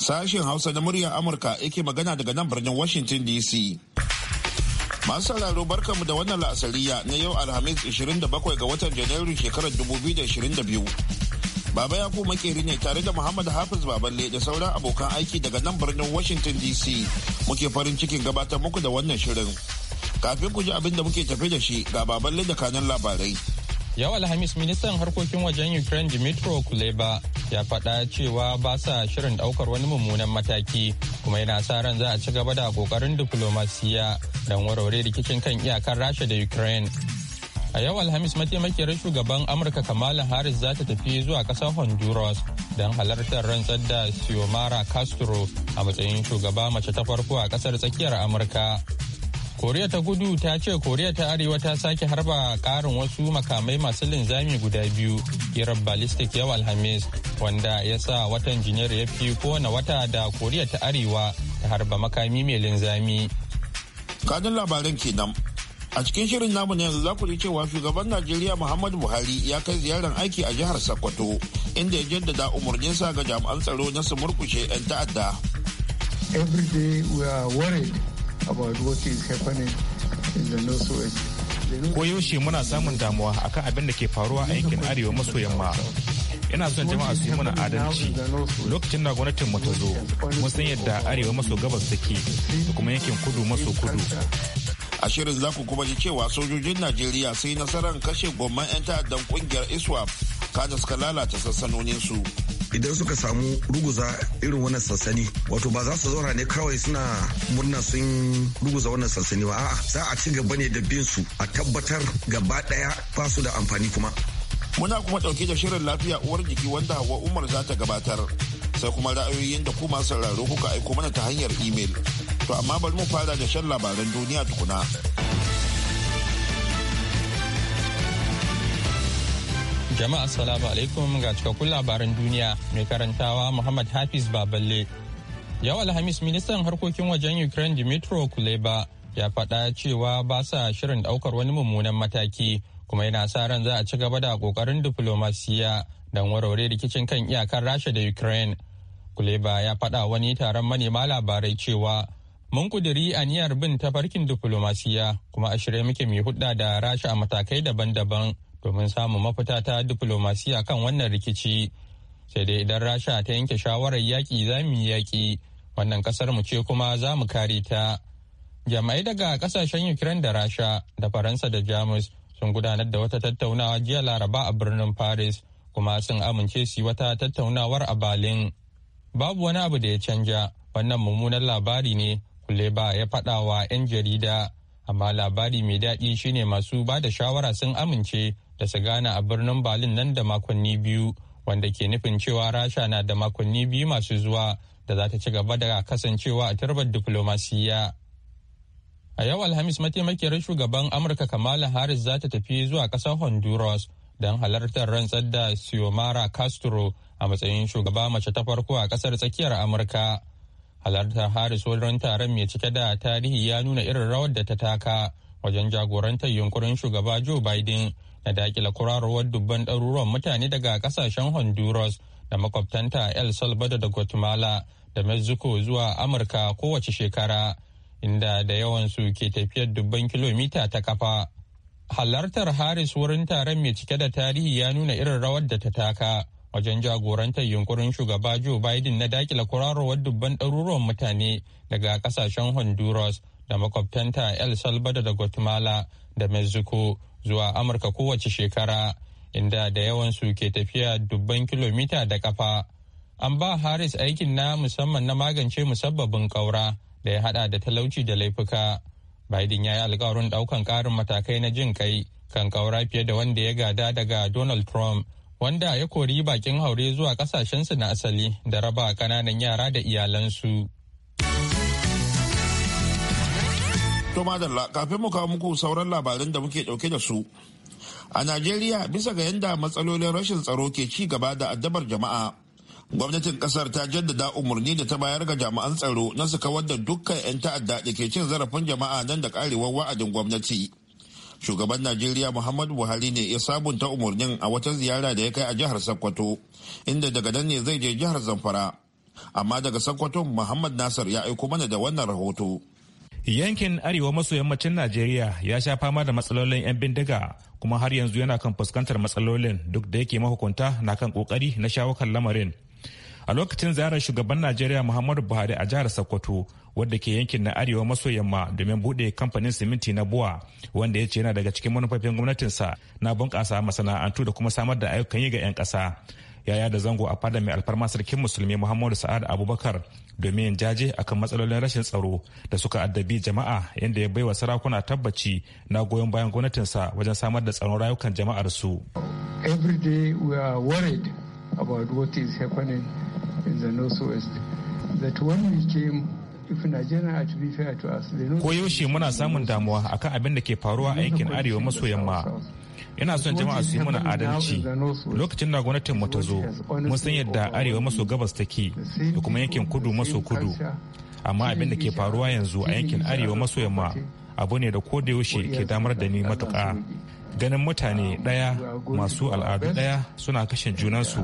Sashen Hausa na muryar Amurka yake magana daga nan birnin Washington DC. Masu sauraro barkanmu da wannan la'asariya na yau Alhamis 27 ga watan Janairu shekarar 2022. Baba Yakubu makeri ne tare da Muhammad Hafiz Baballe da sauran abokan aiki daga nan birnin Washington DC muke farin cikin gabatar muku da wannan shirin. Kafin ku ji abin da muke tafi da shi ga Baballe da kanan labarai. Yau Alhamis ministan harkokin wajen Ukraine Dmitry Kuleba ya faɗa cewa ba sa shirin ɗaukar wani mummunan mataki kuma yana sa ran za a ci gaba da ƙoƙarin diflomasiya don warware rikicin kan iyakar Rasha da Ukraine. A yau Alhamis mataimakiyar shugaban Amurka Kamala Harris za ta tafi zuwa ƙasar Honduras don halartar rantsar da Xiomara Castro a matsayin shugaba mace ta farko a ƙasar tsakiyar Amurka. koriya ta gudu ta ce koriya ta arewa ta sake harba karin wasu makamai masu linzami guda biyu kiran ballistic yau alhamis wanda ya sa watan janairu ya fi kowane wata da koriya ta arewa ta harba makami mai linzami kanin labaran kenan a cikin shirin namu na yanzu za ku ji cewa shugaban najeriya muhammadu buhari ya kai ziyarar aiki a jihar sokoto inda ya jaddada sa ga jami'an tsaro na su murkushe 'yan ta'adda every day we are worried about what Koyaushe muna samun damuwa akan abin da ke faruwa a yankin arewa maso yamma. Ina son jama'a su yi mana adalci lokacin da gwamnatin mu ta zo mun san yadda arewa maso gabas take da kuma yankin kudu maso kudu. A shirin za ku kuma ji cewa sojojin Najeriya sai nasarar kashe gwamman 'yan ta'addan kungiyar iswa kada suka lalata sassanoninsu. idan suka samu ruguza irin wannan sansani wato ba za su zauna ne kawai suna murna sun ruguza wannan sansani ba a'a za a ci gaba ne da bin su a tabbatar gaba daya ba su da amfani kuma muna kuma dauke da shirin lafiya uwar jiki wanda hawa umar za ta gabatar sai kuma ra'ayoyin da kuma sauraro kuka aiko mana ta hanyar imel to amma bari mu fara da shan labaran duniya tukuna Jama'a salamu alaikum ga cikakkun labaran duniya mai karantawa Muhammad Hafiz Baballe. Yau Alhamis ministan harkokin wajen Ukraine dimitro Kuleba ya faɗa cewa ba sa shirin ɗaukar wani mummunan mataki kuma yana sa ran za a ci gaba da ƙoƙarin diflomasiya don warware rikicin kan iyakar Rasha da Ukraine. Kuleba ya faɗa wani taron manema labarai cewa mun kuduri aniyar bin tafarkin diflomasiya kuma a shirye muke mai hudda da Rasha a matakai daban-daban. domin samun mafita ta diplomasiya kan wannan rikici sai dai idan rasha ta yanke shawarar yaƙi za mu yi yaƙi wannan ƙasar mu ce kuma za mu kare ta jama'ai daga ƙasashen ukraine da rasha da faransa da jamus sun gudanar da wata tattaunawa jiya laraba a birnin paris kuma sun amince su wata tattaunawar a berlin babu wani abu da ya canja wannan mummunan labari ne kuleba ya faɗa wa 'yan jarida amma labari mai daɗi shine masu ba da shawara sun amince da su gana a birnin berlin nan da makonni biyu wanda ke nufin cewa rasha na da makonni biyu masu zuwa da za ta ci gaba da kasancewa a tarbar diflomasiyya a yau alhamis mataimakiyar shugaban amurka kamala harris za ta tafi zuwa ƙasar honduras don halartar rantsar da xiomara castro a matsayin shugaba mace ta farko a ƙasar tsakiyar amurka halartar harris wurin taron mai cike da tarihi ya nuna irin rawar da ta taka wajen jagorantar yunkurin shugaba Joe Biden na dakila kurarowar dubban ɗaruruwan mutane daga kasashen Honduras da makwabtanta El Salvador da Guatemala da Mexico zuwa Amurka kowace shekara, inda da yawan su ke tafiyar dubban kilomita ta kafa. Halartar Harris wurin taron mai cike da tarihi ya nuna irin rawar da ta taka wajen jagorantar yunkurin shugaba Joe Biden na dakila kurarowar dubban ɗaruruwan mutane daga kasashen Honduras da makwabtanta El Salvador da Guatemala da Mexico zuwa Amurka kowace shekara, inda da yawansu ke tafiya dubban kilomita da kafa. An ba Harris aikin na musamman na magance musabbabin ƙaura da ya hada da talauci da laifuka. Biden ya yi alkawarin daukan ƙarin matakai na jin kai kan ƙaura fiye da wanda ya gada daga Donald Trump, wanda ya kori bakin haure zuwa ƙasashensu na asali da raba ƙananan yara da iyalansu. To madalla kafin mu kawo muku sauran labarin da muke dauke da su. A Najeriya bisa ga yadda matsalolin rashin tsaro ke ci gaba da addabar jama'a. Gwamnatin kasar ta jaddada umarni da ta bayar ga jami'an tsaro na su kawar da dukkan 'yan ta'adda da ke cin zarafin jama'a nan da karewar wa'adin gwamnati. Shugaban Najeriya Muhammadu Buhari ne ya sabunta umarnin a wata ziyara da ya kai a jihar Sokoto, inda daga nan ne zai je jihar Zamfara. Amma daga Sokoto Muhammad Nasir ya aiko mana da wannan rahoto. Yankin arewa maso yammacin Najeriya ya sha fama da matsalolin 'yan bindiga kuma har yanzu yana kan fuskantar matsalolin duk da yake mahukunta na kan kokari na shawo lamarin. A lokacin ziyarar shugaban Najeriya Muhammadu Buhari a jihar Sokoto wadda ke yankin na arewa maso yamma domin bude kamfanin siminti na buwa wanda ya ce yana daga cikin manufofin gwamnatinsa na bunkasa masana'antu da kuma samar da ayyukan yi ga 'yan ƙasa. yaya da zango a fada mai alfarma sarkin musulmi muhammadu sa'ad abubakar domin yin jaje akan matsalolin rashin tsaro da suka addabi jama'a yadda ya bai baiwa sarakuna tabbaci na goyon bayan gwamnatinsa wajen samar da tsaron rayukan jama'ar su every day we are worried muna samun damuwa akan abin da ke faruwa a yankin arewa maso yamma yana son jama'a su yi mana adalci lokacin da gwamnatin mu ta zo mun san yadda arewa maso gabas take da kuma yankin kudu maso kudu amma abin da ke faruwa yanzu a yankin arewa maso yamma abu ne da ko da yaushe ke damar da ni matuƙa ganin mutane ɗaya masu al'adu ɗaya suna kashe junansu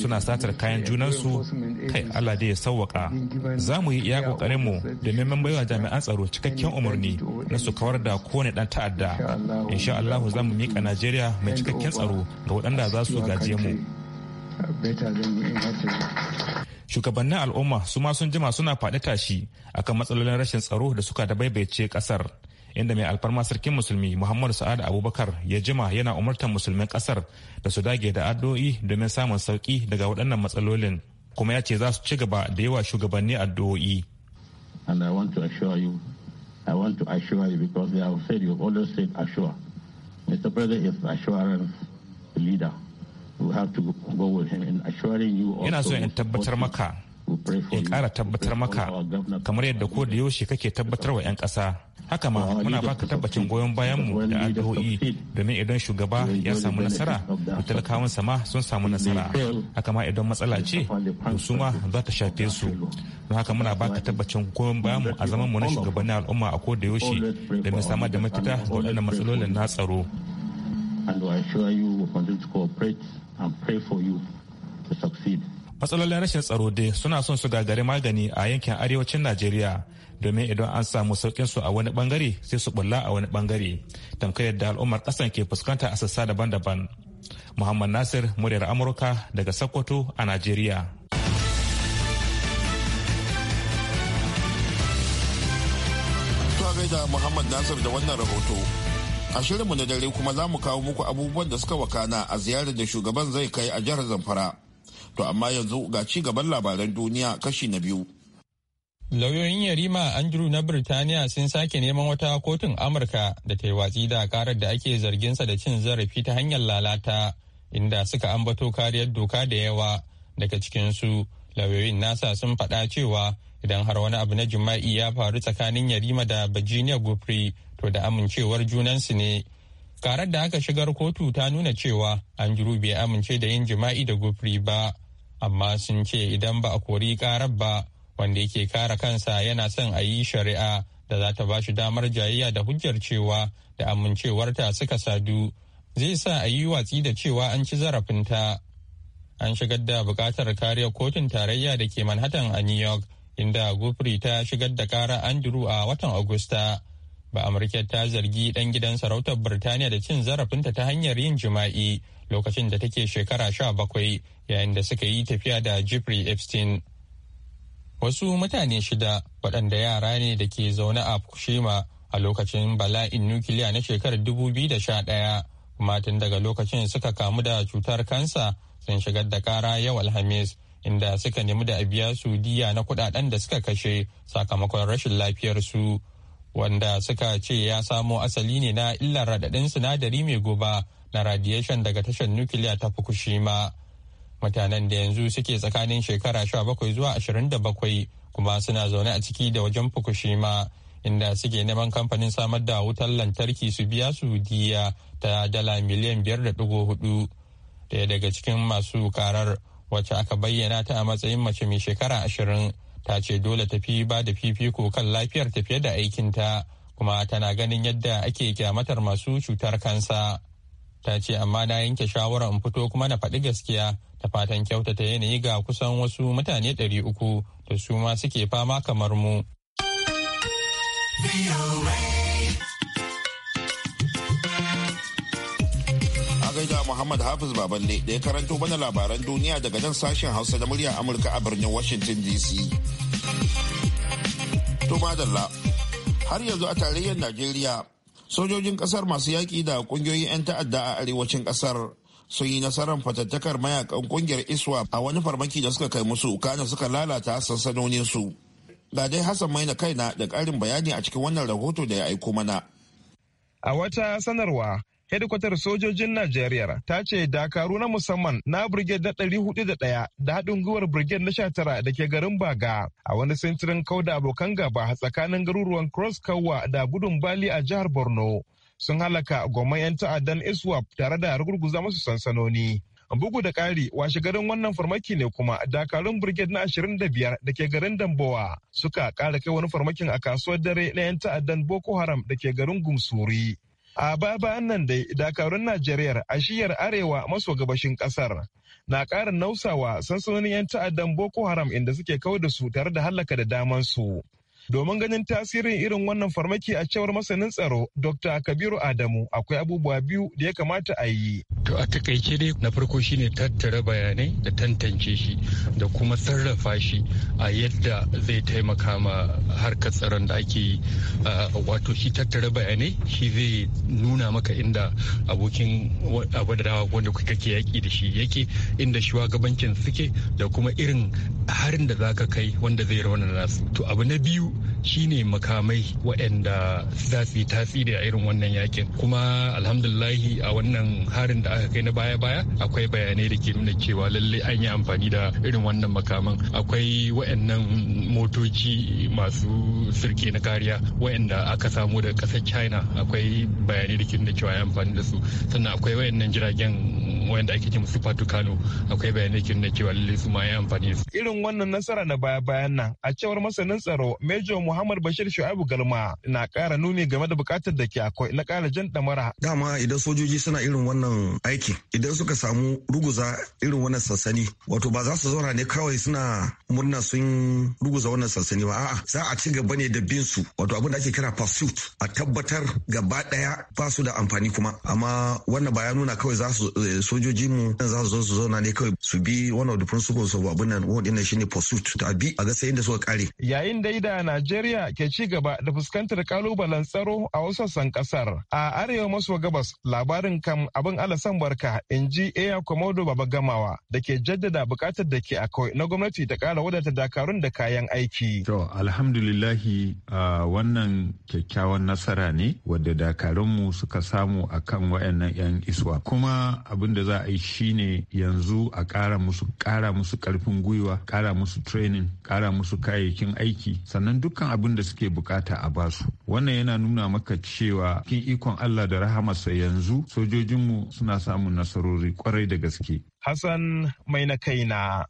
suna satar kayan junansu kai Allah da ya sauwaka za mu yi iya kokarin mu domin baiwa jami'an tsaro cikakken umarni na su kawar da kowane ɗan ta'adda insha Allah za mu mika Najeriya mai cikakken tsaro ga waɗanda za su gaje mu shugabannin al'umma su ma sun jima suna faɗi tashi akan matsalolin rashin tsaro da suka da baibaice ƙasar inda mai alfarma sarkin musulmi muhammadu sa'ad abubakar ya jima yana umartar musulmin kasar da su dage da addu'o'i domin samun sauki daga waɗannan matsalolin kuma ya ce za su ci gaba da yawa shugabanni addu'o'i and i want to assure you i want to assure yana so in tabbatar maka in ƙara tabbatar maka kamar yadda ko da yaushe kake tabbatar wa 'yan ƙasa haka ma muna baka tabbacin goyon bayanmu da addu'o'i domin idan shugaba ya samu nasara da talakawan sama sun samu nasara haka ma idan matsala ce su ma za ta shafe su don haka muna baka tabbacin goyon bayanmu a zaman mu na shugabannin al'umma a ko da yaushe domin samar da mafita ga waɗannan matsalolin na tsaro. And I assure you we continue to cooperate and pray for you to succeed. matsalolin rashin tsaro dai suna son su gagari magani a yankin arewacin najeriya domin idan an samu saukin su a wani bangare sai su bulla a wani bangare tamkar yadda al'ummar kasan ke fuskanta a sassa daban-daban muhammad nasir muryar amurka daga sokoto a najeriya da Muhammad Nasir da wannan rahoto. A shirinmu na dare kuma za mu kawo muku abubuwan da suka wakana a ziyarar da shugaban zai kai a jihar Zamfara. To amma yanzu ga ci gaban labaran duniya kashi na biyu. Lauyoyin Yarima Andrew na Birtaniya sun sake neman wata kotun Amurka da ta yi watsi da karar da ake zarginsa da cin zarafi ta hanyar lalata inda suka ambato kariyar doka da yawa daga cikinsu lauyoyin nasa sun faɗa cewa idan har wani abu na jima'i ya faru tsakanin Yarima da Virginia Gupri to da amincewar junansu ne. Karar da aka shigar kotu ta nuna cewa Andrew bai amince da yin jima'i da Gupri ba. amma sun ce idan ba a kori karar ba wanda yake kare kansa yana son a yi shari'a da za ta ba shi damar jayayya da hujjar cewa da amincewarta suka sadu zai sa a yi watsi da cewa an ci zarafinta an shigar da bukatar kariyar kotun tarayya da ke manhattan a new york inda gufri ta shigar da kara andrew a watan agusta ba amurka ta zargi dan gidan sarautar birtaniya da cin zarafinta ta hanyar yin jima'i lokacin da take shekara sha bakwai yayin da suka yi tafiya da jeffrey epstein wasu mutane shida waɗanda yara ne da ke zaune a fukushima a lokacin bala'in nukiliya na shekarar 2011 kuma tun daga lokacin suka kamu da cutar kansa sun shigar da kara yau alhamis inda suka nemi da a biya su diya na kudaden da suka kashe sakamakon rashin lafiyar su wanda suka ce ya samo asali ne na illar raɗaɗin sinadari mai guba na radiation daga tashar nukiliya ta Fukushima. Mutanen da yanzu suke tsakanin shekara 17 zuwa 27 kuma suna zaune a ciki da wajen Fukushima inda suke neman kamfanin samar da wutar lantarki su biya su diya ta dala miliyan 5.4. Daya daga cikin masu karar wacce aka bayyana ta a matsayin mace mai shekara ashirin ta ce dole fi ba da fifiko kan lafiyar ta fiye da aikinta kuma tana ganin yadda ake kyamatar masu cutar kansa ta ce amma na yanke shawarar in fito kuma na faɗi gaskiya ta fatan kyautata yanayi ga kusan wasu mutane ɗari uku da su ma suke fama kamar mu. gaida Muhammad Hafiz Baballe da ya karanto mana labaran duniya daga nan sashen Hausa da muryar Amurka a birnin Washington DC. To madalla, har yanzu a tarayyar Najeriya, sojojin kasar masu yaƙi da ƙungiyoyin 'yan ta'adda a arewacin kasar sun yi nasarar fatattakar mayakan ƙungiyar iswa a wani farmaki da suka kai musu kana suka lalata sansanoninsu. Ga dai Hassan Maina kaina da ƙarin bayani a cikin wannan rahoto da ya aiko mana. A wata sanarwa, hedikwatar sojojin Najeriya ta ce dakaru na musamman na brigade na ɗari hudu da ɗaya da haɗin gwiwar brigade na sha tara da ke garin Baga a wani sintirin kauda abokan gaba tsakanin garuruwan Cross Kawa da gudun Bali a jihar Borno sun halaka goma 'yan ta'addan ISWAP tare da rugurguza masu sansanoni. Bugu da ƙari washe garin wannan farmaki ne kuma dakarun brigade na biyar da ke garin Dambowa suka ƙara kai wani farmakin a kasuwar dare na 'yan ta'addan Boko Haram da ke garin Gumsuri. a baya nan dai dakarun najeriya a shiyar arewa maso gabashin kasar na ƙarin nausawa sansanonin 'yan ta'addan boko haram inda suke kau da su tare da hallaka da damansu domin ganin tasirin irin wannan farmaki a cewar masanin tsaro dr kabiru adamu akwai abubuwa biyu da ya kamata a yi to a takaice dai na farko shine tattara bayanai da tantance shi da kuma sarrafa shi a yadda zai taimaka ma harkar tsaron da ake yi wato shi tattara bayanai shi zai nuna maka inda abokin abadarawa wanda kuka ke yaki da shi yake inda shugabancin suke da kuma irin harin da za ka kai wanda zai raunana nasu to abu na biyu shine makamai waɗanda za su yi tasiri a irin wannan yakin kuma alhamdulahi a wannan harin da aka kai na baya-baya akwai bayanai da ke nuna cewa lallai an yi amfani da irin wannan makaman akwai waɗannan motoci masu sirke na kariya waɗanda aka samu da ƙasar china akwai bayanai da ke nuna cewa ya amfani da su sannan akwai waɗannan jiragen wanda ake ce musu fatu kano akwai bayanai kin da cewa lalle su ma ya amfani su irin wannan nasara na baya bayan nan a cewar masanin tsaro major muhammad bashir shu'abu galma na kara nuni game da bukatar da ke akwai na kara jan damara dama idan sojoji suna irin wannan aiki idan suka samu ruguza irin wannan sansani wato ba za su zauna ne kawai suna murna sun ruguza wannan sansani ba a'a za a ci gaba ne da bin su wato abin da ake kira pursuit a tabbatar gaba daya ba su da amfani kuma amma wannan ba ya nuna kawai za su eh, sojoji mu za su zo su zauna ne kawai su bi one of the principles of abin nan wani ne shine pursuit a bi a ga sai inda suka kare yayin da da Najeriya ke ci gaba da fuskantar kalubalen tsaro a wasu sassan kasar a arewa maso gabas labarin kam abin alasan barka in ji Eya Komodo Baba Gamawa da ke jaddada bukatar da ke akwai na gwamnati ta kara wadata dakarun da kayan aiki to alhamdulillahi wannan kyakkyawan nasara ne wadda dakarun mu suka samu akan wayannan yan iswa kuma abin da za a yi shine yanzu a ƙara musu kara musu ƙarfin gwiwa ƙara musu training kara musu kayayyakin aiki sannan dukkan abin da suke bukata a basu wannan yana nuna maka cewa kin ikon Allah da rahamarsa yanzu sojojinmu suna samun nasarori kwarai da gaske Hassan mai na kaina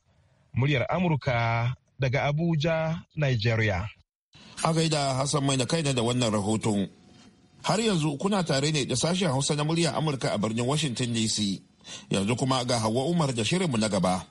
muryar Amurka daga Abuja Nigeria a gaida Hassan mai na kaina da wannan rahoton har yanzu kuna tare ne da sashen Hausa na muryar Amurka a birnin Washington DC yanzu kuma ga hawa umar da shirinmu na gaba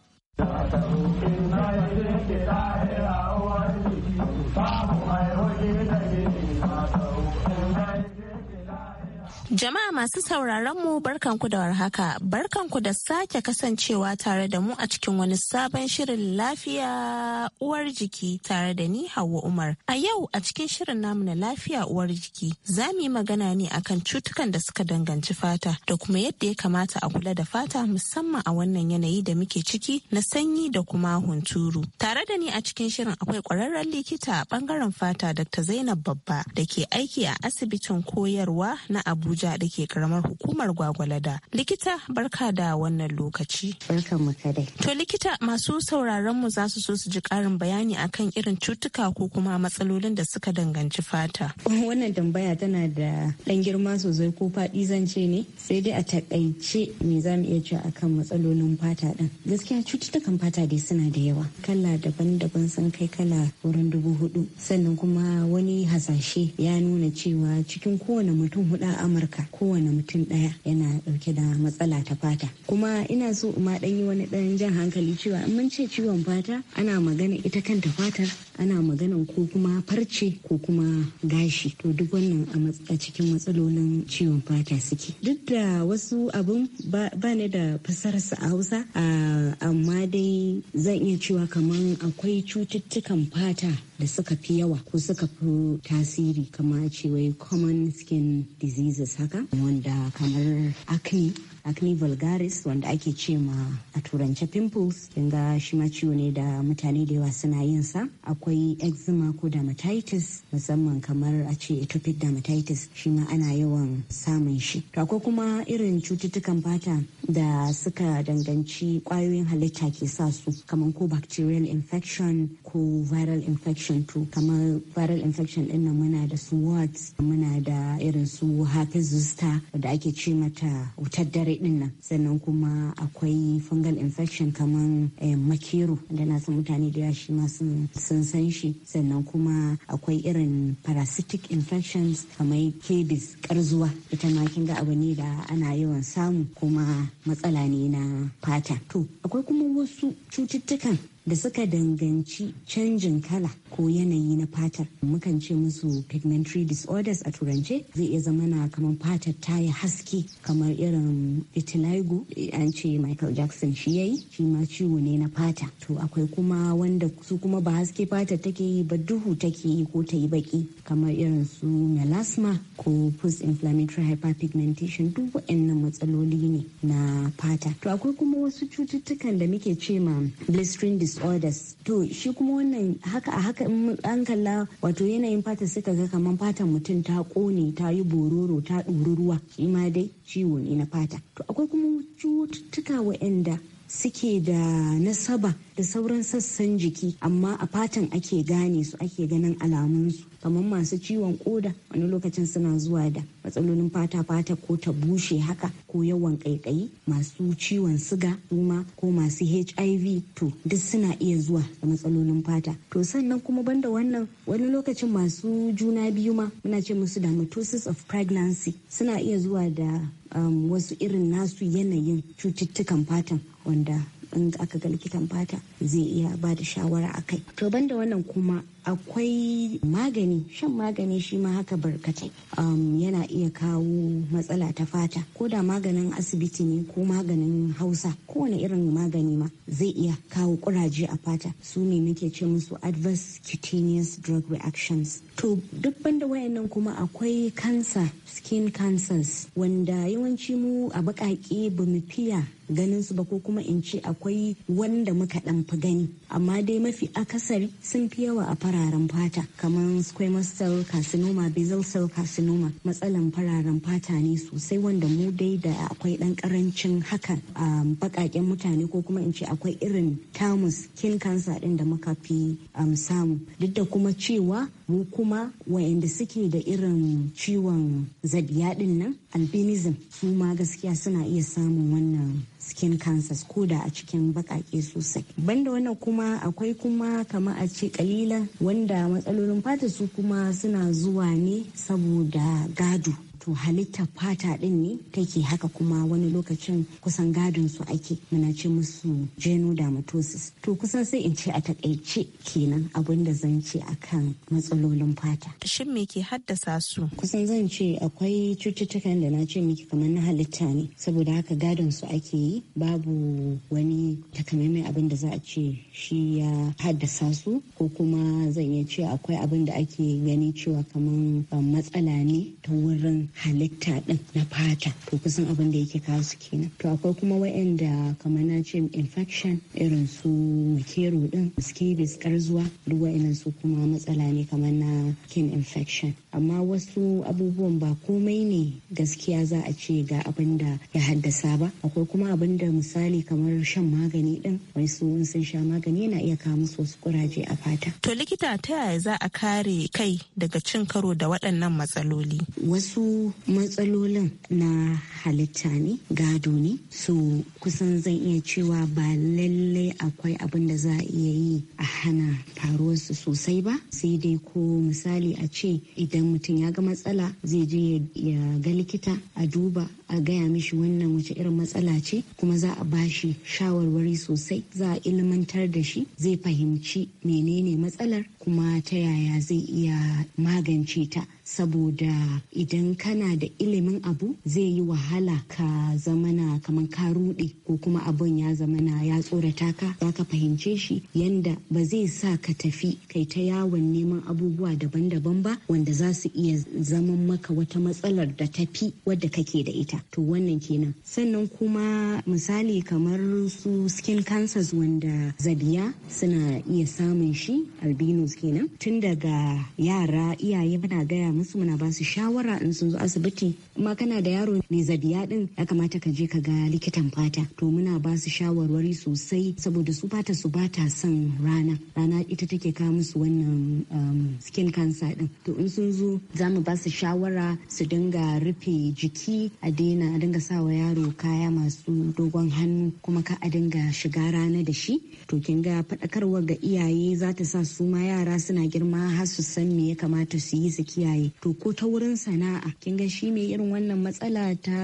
Jama'a masu sauraron mu barkanku da warhaka, barkanku da sake kasancewa tare da mu a cikin wani sabon shirin lafiya uwar jiki tare da ni Hauwa Umar. A yau a cikin shirin namu na lafiya uwar jiki za mu yi magana ne akan cutukan da suka danganci fata da kuma yadda ya kamata a kula da fata musamman a wannan yanayi da muke ciki na sanyi da kuma hunturu. Tare da ni a cikin shirin akwai kwararren likita a bangaren fata Dr. Zainab Babba da ke aiki a asibitin koyarwa na Abuja Abuja da ke karamar hukumar Gwagwalada. Likita barka da wannan lokaci. Barkan mu kadai. To likita masu sauraron mu za su so su ji karin bayani akan irin cutuka ko kuma matsalolin da suka danganci fata. Wannan tambaya tana da ɗan girma sosai ko faɗi zance ne sai dai a takaice me za mu iya cewa akan matsalolin fata ɗin. Gaskiya cututtukan fata dai suna da yawa kala daban-daban sun kai kala wurin dubu hudu sannan kuma wani hasashe ya nuna cewa cikin kowane mutum hudu a Amurka haka kowane mutum ɗaya yana ɗauke da matsala ta fata kuma ina so ma ɗan yi wani ɗan jan hankali cewa in mun ce ciwon fata ana magana ita kanta fata, ana maganan ko kuma farce ko kuma gashi to duk wannan a cikin matsalolin ciwon fata suke duk da wasu abun ba ni da su a hausa amma dai zan iya cewa kamar akwai cututtukan fata da suka fi yawa ko suka fi tasiri kamar cewa common skin diseases haka wanda kamar acne acne vulgaris wanda ake ce ma a turance pimples kinga shi ma ciwo ne da mutane da yawa suna yin sa akwai eczema ko dermatitis musamman kamar a ce atopic dermatitis shi ma ana yawan samun shi to akwai kuma irin cututtukan fata da suka danganci kwayoyin halitta ke sa su kamar ko bacterial infection ko viral infection to kamar viral infection din muna da su wards muna da irin su herpes zoster da ake ce mata wutar dare din nan sannan kuma akwai fungal infection kamar eh, makero da na mutane da yashi masu sun san shi sannan kuma akwai irin parasitic infections kamar kebis karzuwa ita ma kinga abu ne da ana yawan samu kuma matsala ne na fata to akwai kuma wasu cututtukan da suka danganci canjin kala ko yanayi na fatar mukan ce musu pigmentary disorders a turance zai iya zama na kamar fatar ta yi haske kamar irin vitiligo an ce michael jackson shi yayi shi ma ciwo ne na fata to akwai kuma wanda su kuma ba haske fatar take yi ba duhu take yi ko ta yi baki kamar irin su melasma ko post inflammatory hyperpigmentation duk waɗannan matsaloli ne na fata to akwai kuma wasu cututtukan da muke ce ma blistering disorder disorders to shi kuma wannan haka a haka an kalla wato yanayin fatar suka ga kamar fatan mutum ta kone ta yi bororo ta ɗori ruwa shi ma dai ciwo ne na fata to akwai kuma cututtuka waɗanda suke da nasaba da sauran sassan jiki amma a fatan ake gane su ake ganin alamunsu kamar masu ciwon koda wani lokacin suna zuwa da matsalolin fata-fata ko ta bushe haka ko yawan ƙaiƙayi masu ciwon siga suma ko masu hiv to duk suna iya zuwa da matsalolin fata to sannan kuma banda wannan wani lokacin masu juna biyu ma muna ce musu da mitosis of pregnancy suna iya zuwa da um, wasu irin nasu yanayin cututtukan fatan wanda in aka ga likitan fata zai iya ba da shawara a kai to banda wannan kuma akwai magani shan magani shi ma haka barkatai um, yana iya kawo matsala ta fata ko da maganin asibiti ne ko maganin hausa kowane irin magani ma zai iya kawo kuraje a fata su ne muke ce musu adverse cutaneous drug reactions to duk banda wayannan kuma akwai cancer skin cancers wanda yawanci mu a baƙaƙe ba mu fiya ganin su ba ko kuma in ce akwai wanda muka ɗan fi gani amma dai mafi akasari sun fi yawa a fara fararen fata kamar squamous cell carcinoma basal cell carcinoma matsalan fararen fata ne sosai wanda mu dai da akwai dan karancin hakan a bakaken mutane ko kuma in ce akwai irin tamus skin cancer din da muka fi um, samu duk da kuma cewa mu kuma wayanda suke da irin ciwon zabiya din nan albinism su ma gaskiya suna iya samun wannan skin cancers ko da a cikin bakake sosai banda wannan kuma akwai kuma kama a ce kalilan wanda matsalolin fata su kuma suna zuwa ne saboda gado to halitta fata din ne take haka kuma wani lokacin kusan gadon su ake muna ce musu geno-dermatosis to kusan sai in ce a takaice kenan abin da zan ce akan matsalolin fata shin me ke haddasa su kusan zan ce akwai cututtukan da na ce miki kamar na halitta ne saboda haka gadon su ake yi babu wani takamaiman abin da za a ce shi ya haddasa su ko kuma zan iya ce akwai abin da ake gani cewa kamar um, matsala ne ta wurin halitta din na fata to kusan abin da yake kawo su kenan to akwai kuma waɗanda kamar na ce infection irin su makero din scabies karzuwa duk waɗannan su kuma matsala ne kamar na kin infection amma wasu abubuwan ba komai ne gaskiya za a ce ga abin da ya haddasa ba akwai kuma abin da misali kamar shan magani din wai su sun sha magani yana iya kawo musu wasu kuraje a fata to likita ta yaya za a kare kai daga cin karo da waɗannan matsaloli wasu matsalolin na halitta ne gado ne so kusan zan iya cewa ba lallai akwai abin da za a iya yi a hana faruwarsu sosai ba sai dai ko misali a ce idan mutum ya ga matsala zai je ya ga likita a duba a gaya mishi wannan wace irin matsala ce kuma za a bashi shawarwari sosai za a ilmantar da shi zai fahimci menene matsalar kuma ta yaya zai iya magance ta saboda idan kana da ilimin abu zai yi wahala ka zamana kamar ka ruɗe ko kuma abun ya zamana ya tsorata ka za ka fahimce shi yanda ba zai sa ka tafi kai ta yawon neman abubuwa daban-daban ba wanda za su iya zaman maka wata matsalar da tafi wadda kake da ita to wannan kenan sannan kuma misali kamar su skin cancers wanda zabiya suna iya samun shi albinos kenan tun daga yara iyaye muna gaya musu muna ba su shawara in sun zo asibiti amma kana da yaro mai zabiya din ya kamata ka je ka ga likitan fata to muna ba su shawarwari sosai saboda su fata su bata son rana rana ita take kawo musu wannan um, skin cancer din to in sun zo za mu ba su shawara su dinga rufe jiki a daina a dinga sawa yaro kaya masu dogon hannu kuma ka a dinga shiga rana da shi to kin ga faɗakarwa ga iyaye za ta sa su ma yara suna girma har su san me ya kamata su yi su kiyaye to ko ta wurin sana'a kin ga shi mai irin wannan matsala ta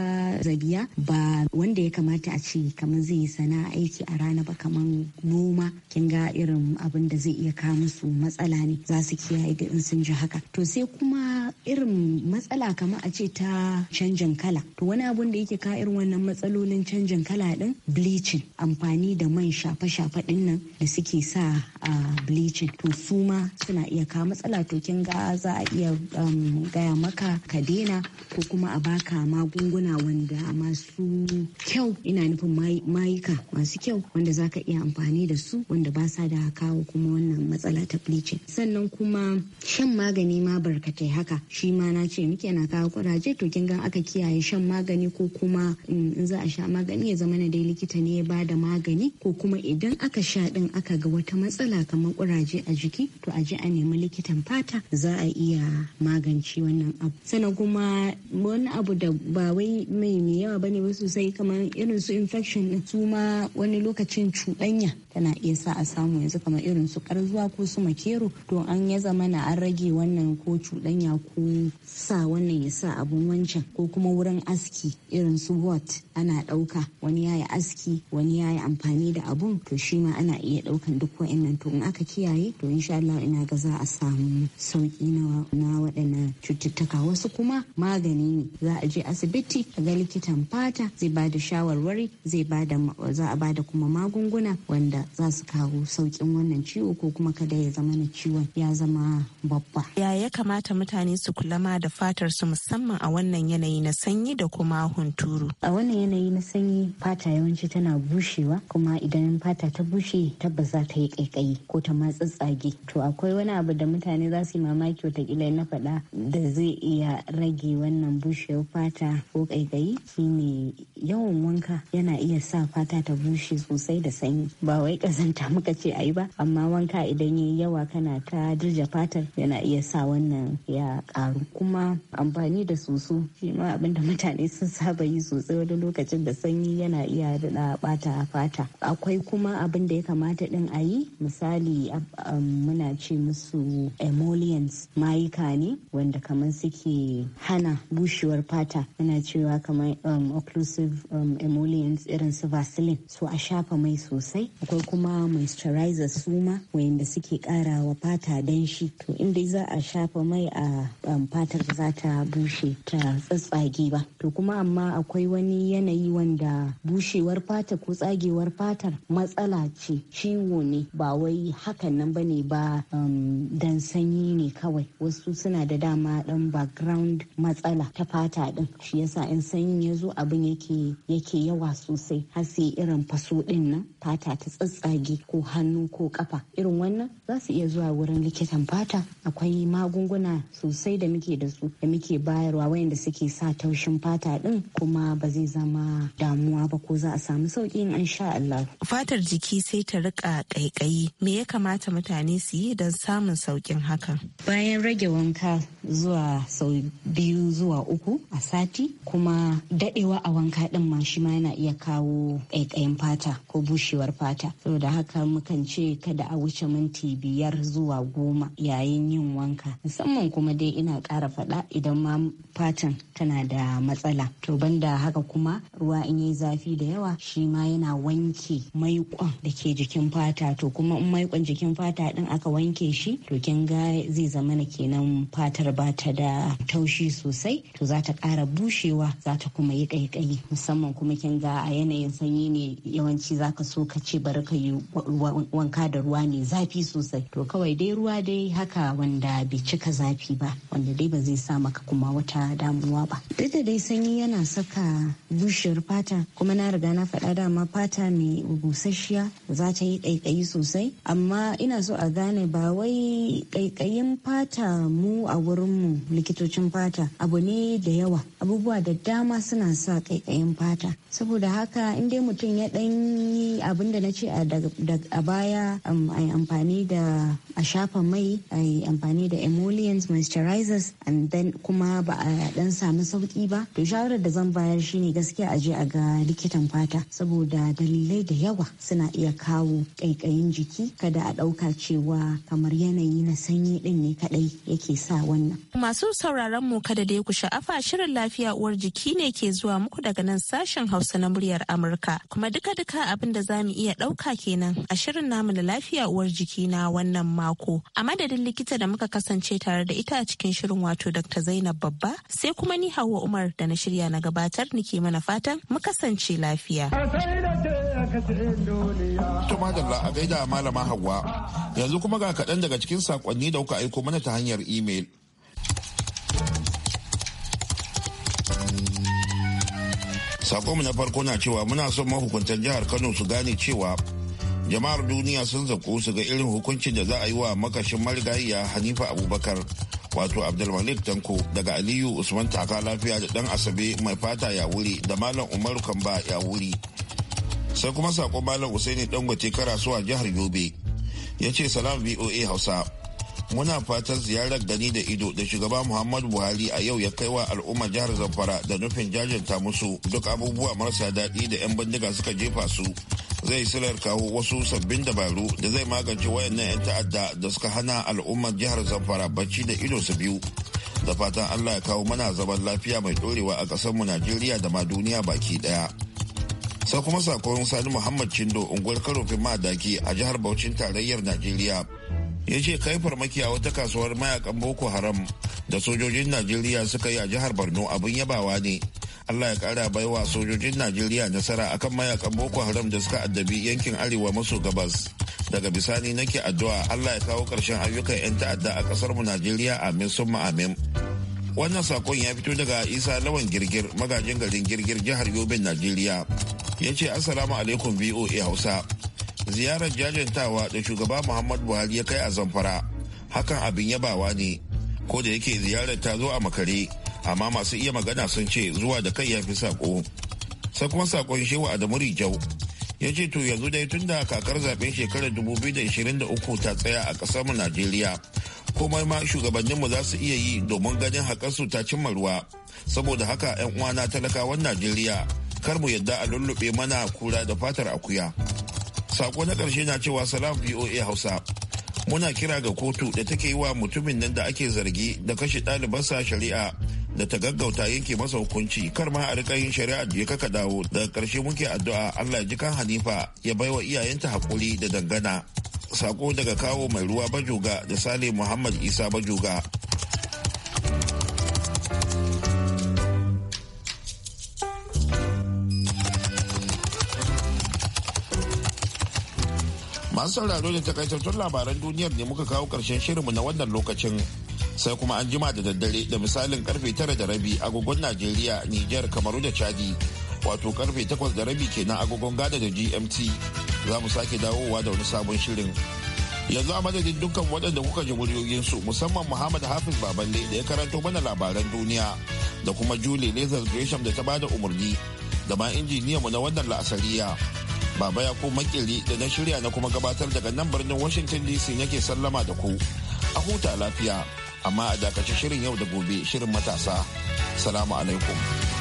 zabiya ba wanda ya kamata a ce kamar zai yi sana'a aiki a rana ba kamar noma kin ga irin abin da zai iya kawo musu matsala ne za su kiyaye da in sun ji haka to sai kuma irin matsala kamar a ce ta canjin kala to wani abun da yake ka irin wannan matsalolin canjin kala din bleaching amfani da man shafe-shafe din nan da suke sa a ah, bleaching to su ma suna iya kawo matsala to kin ga za a iya um, akan gaya maka ka daina ko kuma a baka magunguna wanda masu kyau ina nufin mayuka masu kyau wanda za ka iya amfani da su wanda ba sa da kawo kuma wannan matsala ta bleaching sannan kuma shan magani ma barkatai haka shi ma na ce muke na kawo kuraje to kin ga aka kiyaye shan magani ko kuma in za a sha magani ya zama na dai likita ne ya da magani ko kuma idan aka sha din aka ga wata matsala kamar kuraje a jiki to a je a nemi likitan fata za a iya magani magance wannan abu sannan kuma wani abu da ba wai mai yawa bane ba sosai kamar irin su infection su ma wani lokacin cuɗanya tana iya sa a samu yanzu kamar irin su karzuwa ko su makero to an ya zama na an rage wannan ko cuɗanya ko sa wannan ya sa abun wancan ko kuma wurin aski irin su wat ana ɗauka wani ya yi aski wani ya yi amfani da abun to shi ma ana iya ɗaukan duk wa'annan to in aka kiyaye to insha Allah ina ga za a samu sauki na waɗannan cututtuka wasu kuma magani ne za a je asibiti a ga likitan fata zai ba da shawarwari zai ba da za a ba da kuma magunguna wanda za su kawo saukin wannan ciwo ko kuma kada ya zama na ciwon ya zama babba. Ya ya kamata mutane su kula ma da fatar su musamman a wannan yanayi na sanyi da kuma hunturu. A wannan yanayi na sanyi fata yawanci tana bushewa kuma idan fata ta bushe tabbas za ta yi kaikayi ko ta matsatsage. To akwai wani abu da mutane za su yi mamaki watakila na faɗa da zai iya rage wannan bushewar fata ko kaikayi shine yawan wanka yana iya sa fata ta bushe sosai da sanyi ba wai wai kazanta muka ce ayi ba amma wanka idan yayi yawa kana ta dirja fatar yana iya sa wannan ya karu kuma amfani da soso shi ma abinda mutane sun saba yi sosai wani lokacin da sanyi yana iya da bata fata akwai kuma abin da ya kamata din a yi misali muna ce musu emollients mayuka ne wanda kamar suke hana bushewar fata muna cewa kamar occlusive emollients irin su vaseline so a shafa mai sosai akwai kuma moisturizer suma wayanda suke karawa fata danshi to inda za a shafa mai a fatar za ta bushe ta tsatsage ba to kuma amma akwai wani yanayi wanda bushewar fata ko tsagewar fatar matsala ce ciwo ne ba wai hakan nan bane ba dan sanyi ne kawai wasu suna da dama dan background matsala ta fata din shi yasa in sanyin ya zo abin yake yake yawa sosai har sai irin faso din nan fata ta tsatsage ko hannu ko kafa irin wannan za su iya zuwa wurin likitan fata akwai magunguna sosai kuɗaɗe da muke da su da muke bayarwa wayanda suke sa taushin fata din kuma ba zai zama damuwa ba ko za a samu sauki in an sha Allah. Fatar jiki sai ta rika ƙaiƙayi me ya kamata mutane su yi don samun saukin hakan. Bayan rage wanka zuwa sau biyu zuwa uku a sati kuma daɗewa a wanka ɗin ma shi ma yana iya kawo ƙaiƙayin fata ko bushewar fata. Saboda haka mukan ce kada a wuce minti biyar zuwa goma yayin yin wanka musamman kuma dai ina ƙara faɗa idan ma fatan tana da matsala to banda haka kuma ruwa in yi zafi da yawa shi ma yana wanke maiƙon da ke jikin fata to kuma in maiƙon jikin fata ɗin aka wanke shi to kin ga zai zama na kenan fatar ba ta da taushi sosai to za ta ƙara bushewa za ta kuma yi ƙaiƙayi musamman kuma kin ga a yanayin sanyi ne yawanci za ka so ka ce bari ka yi wanka da ruwa mai zafi sosai to kawai dai ruwa dai haka wanda bai cika zafi ba wanda dai ba zai sa maka kuma wata damuwa ba duk dai sanyi yana saka bushiyar fata kuma na riga na faɗa dama fata mai busasshiya za ta yi ƙaiƙayi sosai amma ina so a gane ba wai ƙaiƙayin fata mu a wurin mu likitocin fata abu ne da yawa abubuwa da dama suna sa ƙaiƙayin fata saboda haka in dai mutum ya ɗan yi abin da na ce a baya um, a yi amfani da a shafa mai a yi amfani da emollients moisturizer crisis and then kuma ba a dan samu sauki ba to shawarar da zan bayar shine gaskiya a je a ga likitan fata saboda dalilai da yawa suna iya kawo kaikayin jiki kada a dauka cewa kamar yanayi na sanyi din ne kadai yake sa wannan masu sauraron mu kada dai ku sha'afa shirin lafiya uwar jiki ne ke zuwa muku daga nan sashen Hausa na muryar Amurka kuma duka-duka abin da za mu iya dauka kenan a shirin namu na lafiya uwar jiki na wannan mako a madadin likita da muka kasance tare da ita a cikin shirin wato Dr. Zainab Babba sai kuma ni Hauwa Umar da na shirya na gabatar nike mana fatan mu kasance lafiya. To madalla a gaida malama Hauwa yanzu kuma ga kaɗan daga cikin sakonni da kuka aiko mana ta hanyar imel. Sakonmu na farko na cewa muna son mahukuntan jihar Kano su gane cewa jama'ar duniya sun zaku su ga irin hukuncin da za a yi wa makashin marigayiya hanifa abubakar wato abdulmalik tanko daga aliyu usman taka lafiya da dan asabe mai fata ya wuri da malam umaru kamba ya wuri sai kuma sako malam usaini dangote karasuwa jihar yobe ya ce salam voa hausa muna fatan ziyarar gani da ido da shugaba muhammadu buhari a yau ya kai wa al'ummar jihar zamfara da nufin jajanta musu duk abubuwa marasa daɗi da 'yan bindiga suka jefa su zai silar kawo wasu sabbin dabaru da zai magance wayannan 'yan ta'adda da suka hana al'ummar jihar zamfara bacci da ido su biyu da fatan allah ya kawo mana zaman lafiya mai dorewa a ƙasarmu najeriya da ma duniya baki ɗaya sai kuma sakon sani muhammad Cindo unguwar karofin madaki a jihar bauchin tarayyar najeriya ya ce kai farmaki a wata kasuwar mayakan boko haram da sojojin najeriya suka yi a jihar borno abin yabawa ne Allah ya kara wa sojojin Najeriya nasara akan mayakan Boko Haram da suka addabi yankin arewa maso gabas. Daga bisani nake addu'a Allah ya kawo ƙarshen ayyukan 'yan ta'adda a ƙasar mu Najeriya amin summa amin. Wannan sakon ya fito daga Isa Lawan Girgir magajin garin Girgir jihar Yobe Najeriya. Ya ce Assalamu alaikum BOA Hausa. Ziyarar jajantawa da shugaba Muhammad Buhari ya kai a Zamfara. Hakan abin yabawa ne. Ko da yake ziyarar ta zo a makare. amma masu iya magana sun ce zuwa da kai ya fi sako sai kuma sakon shewa adamu rijau ya ce to yanzu dai tun da kakar zaɓen shekarar 2023 ta tsaya a ƙasar mu najeriya komai ma shugabanninmu za su iya yi domin ganin haƙarsu ta cimma ruwa saboda haka 'yan uwana talakawan najeriya kar mu yadda a lullube mana kura da fatar akuya sako na ƙarshe na cewa salam voa hausa muna kira ga kotu da take yi wa mutumin nan da ake zargi da kashe ɗalibansa shari'a da ta gaggauta yanke masa hukunci kar ma a rika yin shari'a da ya kaka dawo daga ƙarshe muke addu'a Allah ya ji kan Hanifa ya baiwa iyayenta haƙuri da dangana sako daga kawo mai ruwa bajoga da Sale Muhammad Isa bajoga masu sauraro da takaitattun labaran duniyar ne muka kawo karshen shirinmu na wannan lokacin sai kuma an jima da daddare da misalin karfe tara da rabi agogon najeriya niger kamaru da chadi wato karfe takwas da rabi kenan agogon gada da gmt za mu sake dawowa da wani sabon shirin yanzu a madadin dukkan waɗanda kuka ji muryoyinsu musamman muhammad hafiz baballe da ya karanto mana labaran duniya da kuma julie lazar gresham da ta bada umarni da ma injiniyanmu na wannan la'asariya Baba ya ko makili da na shirya na kuma gabatar daga nan birnin Washington DC nake sallama da ku. A huta lafiya, amma a dakaci shirin yau da gobe shirin matasa. Salamu alaikum.